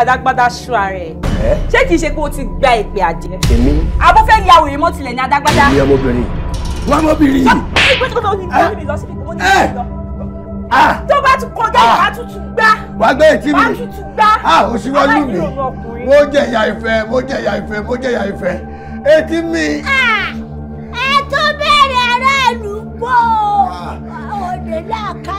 adágbádá ṣú ara ṣé kìí ṣe pé o ti gba ìpè àjẹ́. èmi. abọ́ fẹ́ ya òye mọ́ tilẹ̀ ní adágbádá. èmi ọmọbìnrin wọn ọmọbìnrin yìí. tó bá tún kọjá ìwà tútù gbá. wà á gbé etí mi. wà á tútù gbá. a ò síwájú mi mo jẹ ìyà ìfẹ́ mo jẹ ìyà ìfẹ́ mo jẹ ìyà ìfẹ́ etí mi. ẹ tó bẹ̀rẹ̀ aráàlú bò ó òde láàká